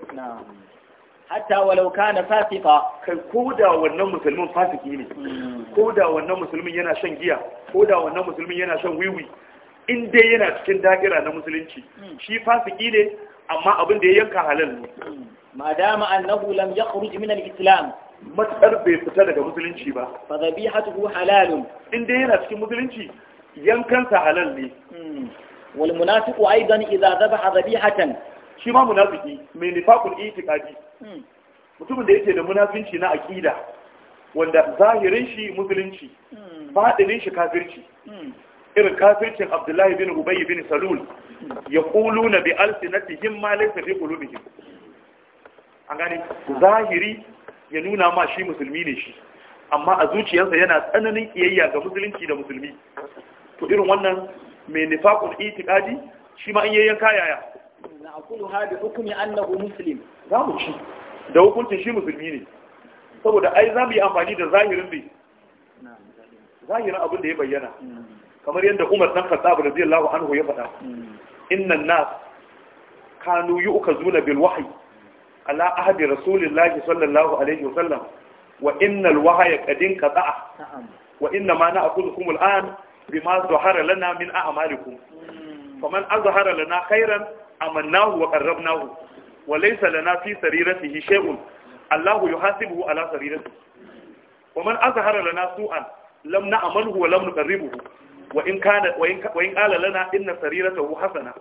hatta walau kana fasika kai ko da wannan musulmin fasiki ne hmm. ko da wannan musulmin yana shan giya ko da wannan musulmin yana shan wiwi in dai yana cikin dagira na musulunci hmm. shi fasiki ne amma abin da ya yanka halal ne hmm. madama annahu lam yakhruj min al-islam matsar bai fita daga musulunci ba fa dhabihatuhu halalun in dai yana cikin musulunci yankansa halal ne wal munafiqu aidan idza dhabaha dhabihatan shi ma munafiki mai nifaqul kaji, hmm. mutumin da yake da munafinci na aqida wanda zahirin shi musulunci fadinin hmm. shi kafirci hmm. irin kafircin Abdullahi bin Ubay bin Salul ya yaquluna bi alsinatihim ma laysa fi qulubihim an gane zahiri ya nuna ma shi musulmi ne shi amma a zuciyarsa yana tsananin kiyayya ga musulunci da musulmi to irin wannan mai nifakun kaji, shi ma in yayyan kayaya na'kuluha bi hukmi annahu muslim za ci da hukuncin shi musulmi ne saboda ai za mu yi amfani da zahirin bi zahirin abin da ya bayyana kamar yadda Umar dan Khattab radiyallahu anhu ya faɗa innan nas kanu yu'kazuna bil wahyi ala ahdi rasulillahi sallallahu alaihi sallam. wa innal wahya qad inqata'a wa inna ma na'khudhukum al'an bima zahara lana min a'malikum faman azhara lana khairan amannahu wa qarrabnahu wa laysa lana fi sariratihi shay'un Allahu yuhasibuhu ala sariratihi wa man azhara lana su'an lam na'malhu wa lam nuqarribuhu wa in kana wa in wa in qala lana inna sariratahu hasana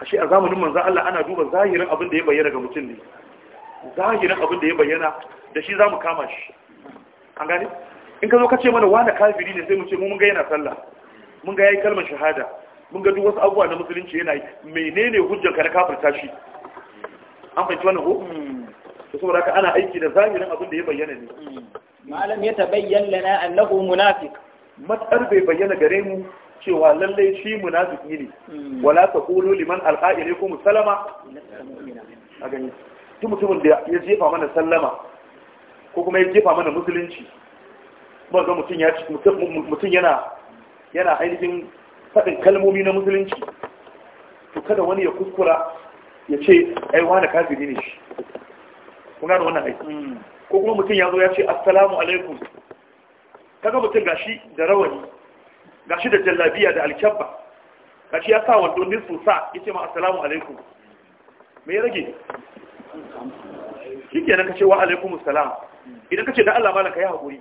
ashe a zamanin manzo Allah ana duba zahirin abin da ya bayyana ga mutum ne zahirin abin da ya bayyana da shi zamu kama shi an gane in ka zo ka ce mana wani kafiri ne sai mu ce mun ga yana sallah mun ga yayi kalmar shahada mun ga duk wasu abubuwa na musulunci yana yi menene hujjar ka na kafirta shi an fahimci wannan ko to saboda haka ana aiki da zahirin abin da ya bayyana ne malam ya tabayyan lana annahu munafiq matsar bai bayyana gare mu cewa lallai shi munafiki ne wala taqulu liman alqa ilaykum salama a gani duk mutumin da ya jefa mana sallama ko kuma ya jefa mana musulunci ba ga mutum ya mutum yana yana ainihin faɗin kalmomi na musulunci to kada wani ya kuskura ya ce ai wani kafiri ne shi kuna da wannan aiki mm. ko kuma mutum ya zo ya ce assalamu alaikum kaga mutum gashi da rawani gashi da jallabiya da alkyabba gashi ya sa wando su sa ya ce ma assalamu alaikum me ya rage shi kenan ka ce wa alaikum salam idan ka ce da Allah malaka ya haƙuri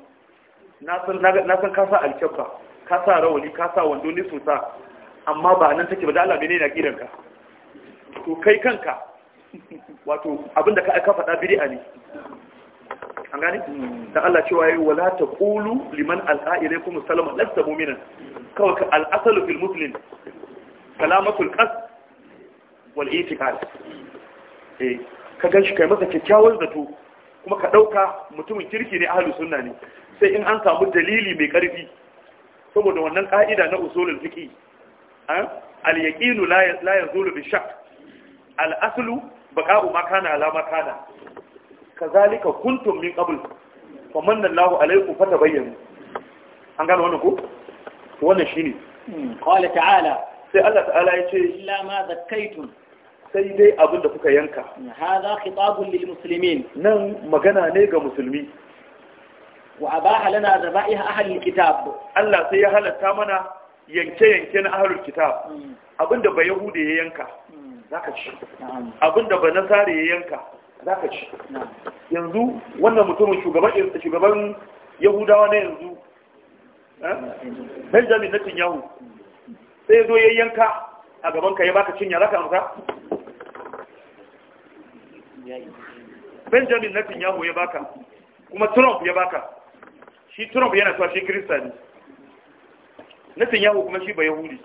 na san ka sa alkyabba ka sa rawani ka sa wando ne sosa amma ba nan take ba da Allah na gidanka to kai kanka wato abinda ka aka faɗa bid'a ne an gani? dan Allah cewa yi wala taqulu liman alqa kuma salama lasta mu'minan kawai ka al-asalu fil muslim salamatul qasd wal itiqad eh ka ganshi kai masa kyakkyawar zato kuma ka dauka mutumin kirki ne ahlus sunna ne sai in an samu dalili mai karfi saboda wannan ka'ida na usulul fiqi al-yaqinu la yazulu bi shakk al-aslu baqa'u ma kana ala ma kana kazalika kuntum min qabl fa manna Allahu alaykum fatabayyanu an gano wannan ko wannan shine hmm, qala ta'ala sai Allah ta'ala yace illa ma zakkaytum sai dai abinda kuka yanka hadha khitabun lil muslimin nan magana ne ga musulmi wa abaha lana zabaiha ahli kitab Allah sai ya halatta mana yanke yanke na ahlul kitab hmm. abinda ba yahude ya yanka hmm. zaka ci abinda ba nasare ya yanka zaka ci yanzu wannan mutumin shugaban shugaban yahudawa na yanzu eh, hmm. Benjamin Netanyahu sai zo ya yanka a gaban ka ya baka cinya zaka amsa Benjamin Netanyahu ya baka kuma Trump ya baka shi trump yana cewa shi kirista ne netanyahu kuma shi ba yahudi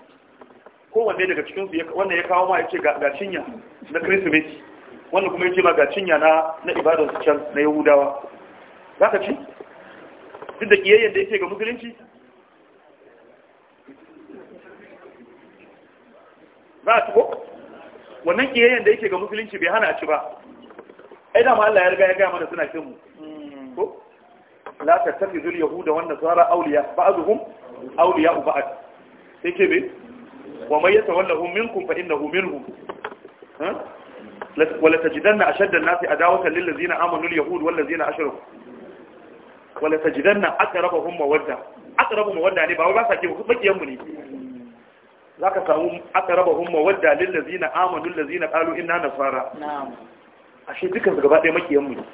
kowanne daga cikinsu wannan ya kawo ma ya ce ga cinya na kirsimeti wannan kuma ya ce ma ga cinya na su can na yahudawa za ka ci duk da kiyayyar da ce ga musulunci za a tuko wannan kiyayyar da ce ga musulunci bai hana a ci ba ai dama Allah ya riga ya gaya mana suna kinmu hmm. ko la tattakhidhu al-yahuda wan nasara awliya ba'dhum awliya ba'd sai ke be wa may yatawallahum minkum fa innahu minhum wala tajidanna ashadda an-nasi adawatan lil ladzina amanu al-yahud wal ladzina ashraku wala tajidanna aqrabahum mawadda aqrabu mawadda ne ba wai ba sa ke bakiyan mu ne ka samu aka aqrabahum mawadda lil ladzina amanu al ladzina qalu inna nasara na'am ashe dukan gaba ɗaya makiyan mu ne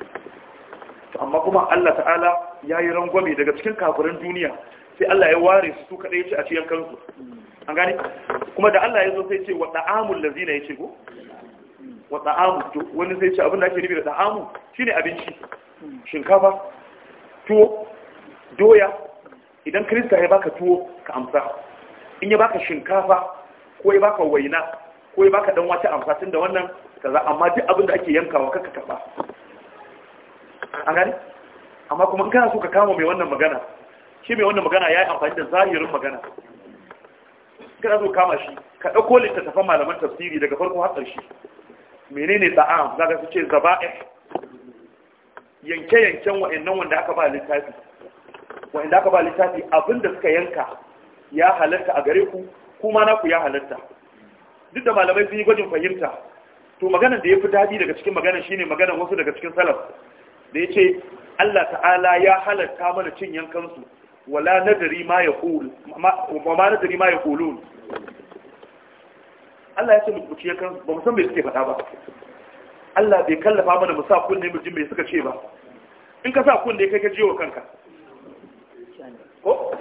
amma kuma Allah ta'ala ya yi rangwame daga cikin kafirin duniya sai Allah ya ware su kaɗai ya ce a cikin kansu an gani kuma da Allah ya zo sai ce wa da lazina ya ce ko wa da'amu wani sai ce abin da ake nufi da shi shine abinci shinkafa tuwo doya idan kirista ya baka tuwo ka amsa in ya baka shinkafa ko ya baka waina ko ya baka dan wata amsa tunda wannan kaza amma duk abin da ake yankawa kaka karɓa. an gani amma kuma kana so ka kama mai wannan magana shi mai wannan magana ya yi amfani da zahirin magana kana so kama shi ka ɗauko littattafan malaman tafsiri daga farko har ƙarshe menene da'am za ka su ce zaba'ih yanke-yanken wa'annan wanda aka ba littafi wa'anda aka ba littafi abinda suka yanka ya halarta a gare ku kuma naku ya halarta duk da malamai sun yi gwajin fahimta to maganar da ya fi daɗi daga cikin maganar shine magana wasu daga cikin salaf da yace Allah ta'ala ya halatta mana cin yankansu wala nadari ma ya wa ma nadari ma ya yaqulun Allah ya ce mu kuci yankan ba mu san me suke faɗa ba Allah bai kallafa mana mu sa kunne mu ji me suka ce ba in ka sa kunne kai ka wa kanka ko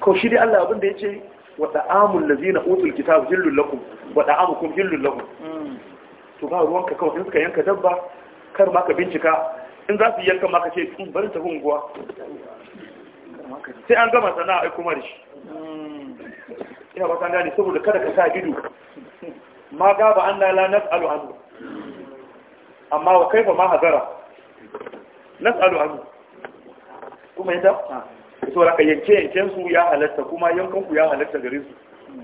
ko shi dai Allah abin da yace wa ta'amul ladzina utul kitab hillul lakum wa ta'amukum hillul lakum hmm. to ba ruwanka kawai in suka yanka dabba kar ma ka bincika in za su yi yanka maka ce in mm, bari ta unguwa sai an gama sana'a ai kuma da shi ina ba gane saboda kada ka sa ido ma gaba an lala nas'alu anhu amma wa kaifa ma hazara nas'alu anhu kuma yadda so raka yanke yanken su ya halatta kuma yankan ku ya halatta gare su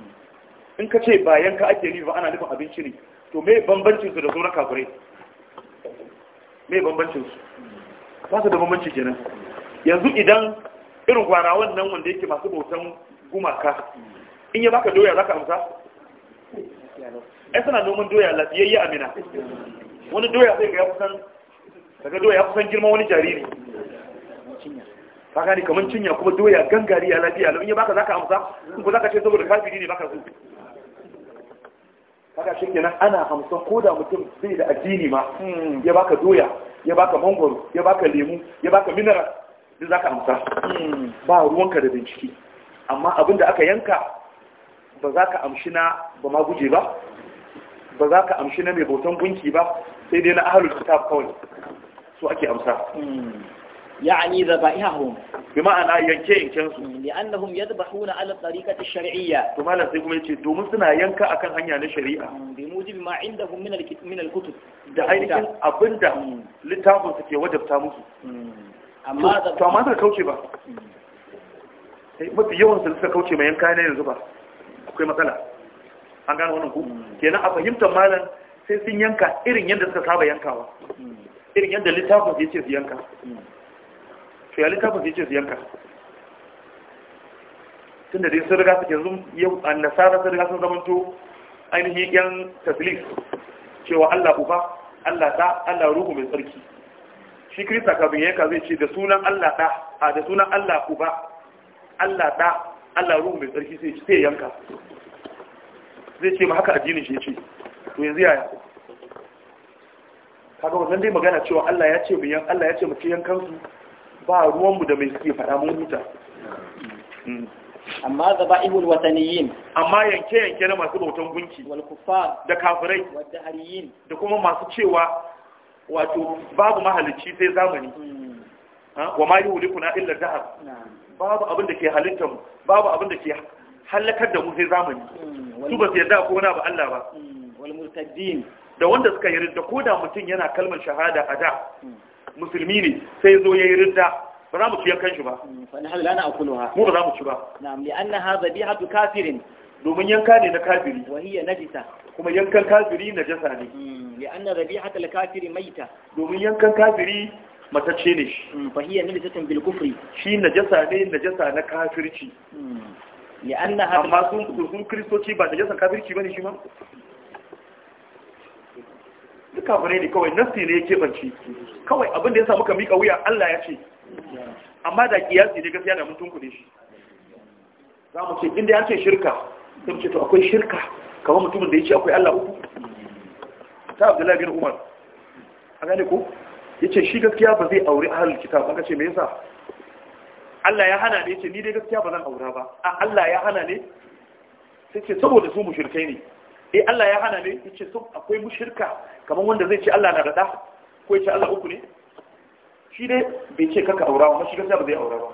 in ka ce ba yanka ake ni ba ana nufin abinci ne to me bambancin su da sauran kafirai mai bambancin su ba su da bambanci kenan yanzu idan irin kwana wannan wanda yake masu bautan gumaka in yi baka doya za ka amsa ai suna noman doya lafiyayye amina wani doya sai ga ya kusan daga doya ya kusan girma wani jariri kaka ne kamar cinya kuma doya gangari ya lafiya lafiya in yi baka za ka amsa in ku ka ce saboda kafiri ne baka su haka shi kenan ana hamsin ko da mutum bai da addini ma hmm. ya baka doya ya baka mangoro ya baka lemu ya baka mineral duk zaka amsa hmm. ba ruwanka da bincike amma abin da aka yanka ba za ka amshi na ba ma guje ba ba za ka amshi na mai bautan gunki ba sai dai na ahalul kitab kawai so ake amsa hmm. يعني ذبائحهم بمعنى ينكي إنكنسو لأنهم يذبحون على الطريقة الشرعية ثم لا سيكم يتشي دومسنا ينكا أكن هنيا نشريعة بموجب ما عندهم من من الكتب دعينك أبندا لتابن سكي وجب تاموسو أما ذبح فما ذا كوشي با mafi yawan su suka kauce mai yanka ne yanzu ba akwai matsala an gano wannan ku kenan a fahimtar malam sai sun yanka irin yadda suka saba yankawa irin yadda littafin sai ce su yanka to ya littafin ce su yanka tun da dai sun riga suke yanzu yau a nasara sun riga sun zamanto ainihin yan taslis cewa Allah uba Allah da Allah ruhu mai tsarki shi kirista kafin yanka zai ce da sunan Allah da a da sunan Allah uba Allah ta Allah ruhu mai tsarki sai ce yanka zai ce ma haka addinin shi ce to yanzu yaya kaga wannan dai magana cewa Allah ya ce mu Allah ya ce mu ci yankan su ba ruwanmu da mai suke faɗa mun huta hmm. amma zaba'ihul wataniyin amma yanke yanke na masu bautan gunki wal da kafirai wadda hariyin da kuma masu cewa wato babu mahalicci sai zamani hmm. wa ma yuhlikuna illa dahar babu abin da ke halitta mu babu abin da ke halakar da mu sai zamani hmm. su ba su yarda ko na ba Allah ba wal murtaddin da wanda suka yarda ko da mutum yana kalmar shahada a da musulmi ne sai zo ya yi ridda ba za mu ci yankan shi ba mm, fa nahnu la na'kuluha mu ba za mu ci ba na'am li anna hadha bihatu kafirin domin yanka ne na kafiri wa hiya najisa kuma yankan kafiri najasa ne mm, li anna rabihata al kafiri maita domin yankan kafiri matacce ne shi mm, fa hiya najisatun bil kufri shi najasa ne najasa na kafirci li anna amma sun sun kristoci ba najasa kafirci bane shi ma duka fure ne kawai nasi ne ya keɓance kawai abin da ya samu kamika miƙa wuya Allah ya ce amma da kiyasi ne gaskiya da mutum ne shi za mu ce inda ya ce shirka sai mu ce to akwai shirka kamar mutumin da ya ce akwai Allah uku ta Abdullahi bin Umar a gane ko ya ce shi gaskiya ba zai aure ahal kita ba ce me yasa Allah ya hana ne ya ce ni dai gaskiya ba zan aura ba a Allah ya hana ne sai ce saboda su mushrikai ne eh Allah ya hana ne yace sun akwai mushirka kamar wanda zai ce Allah na da da ko ya ce Allah uku ne shi dai bai ce kaka aura ba shi gaskiya ba zai aura ba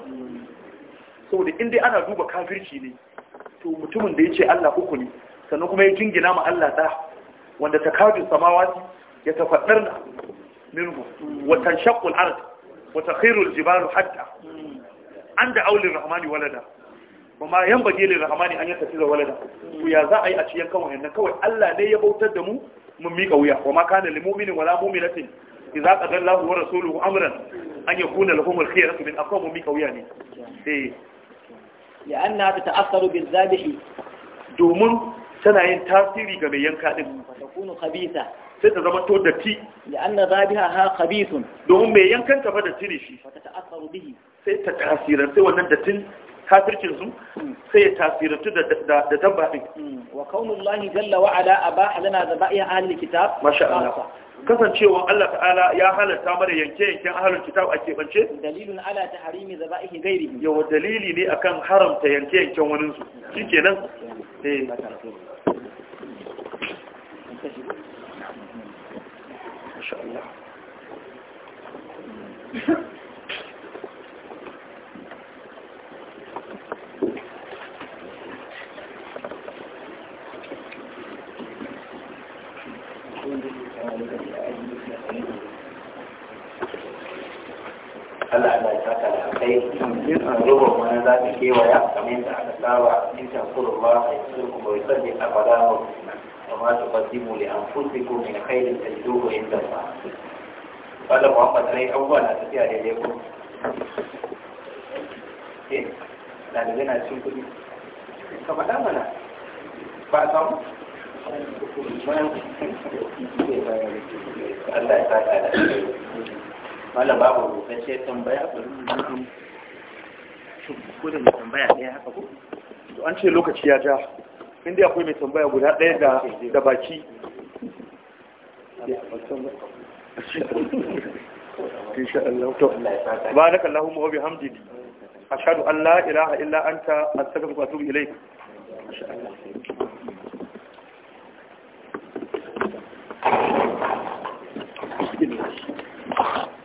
saboda in dai ana duba kafirci ne to mutumin da ya ce Allah uku ne sannan kuma ya jingina ma Allah da wanda ta takadu samawati ya tafaddarna minhu wa tanshaqqu al-ard wa takhiru al-jibalu hatta anda auli rahmani walada ba ma yan bage lil rahmani an yanka tira walada to ya za a yi a ciyan yankan wayannan kawai Allah ne ya bautar da mu mun mika wuya wa ma kana lil mu'mini wala mu'minatin idza qadara Allahu wa rasuluhu amran an yakuna lahum al khiyaratu min mun mika wuya ne eh لأنها تتأثر بالذابح domin tana yin tasiri ga mai yanka din fatakunu khabitha sai ta zama to datti li'anna zabiha ha khabithun domin mai yankan ta fa da ne shi fa ta ta'assaru bihi sai ta tasirar sai wannan dattin kafircin su sai ya tasirantu da dabba din hmm. wa kaunullahi jalla wa ala abaha lana zaba'i ahli kitab masha Allah kasancewa Allah ta'ala ya halatta mana yanke-yanken ahalin kitab a keɓance? dalilin ala ta harimi zaba ihe gairi yawa dalili ne akan haramta yanke-yanken waninsu shi ke nan? you. Eh. kewaya kamar da aka saba in tankuru ba a yi sulku bai sani a fadawa وما تقدموا لأنفسكم من خير تجدوه عند الله قال محمد عليه أولا تبيع لديكم na da yana eh, cin kuɗi. ka faɗa mana ba a samu Allah ya saka da malam babu rubutacce tambaya ko an ce lokaci ya ja inda akwai mai tambaya guda ɗaya da da baki insha Allah to wa ashhadu an la ilaha illa anta astaghfiruka wa atubu ilayk insha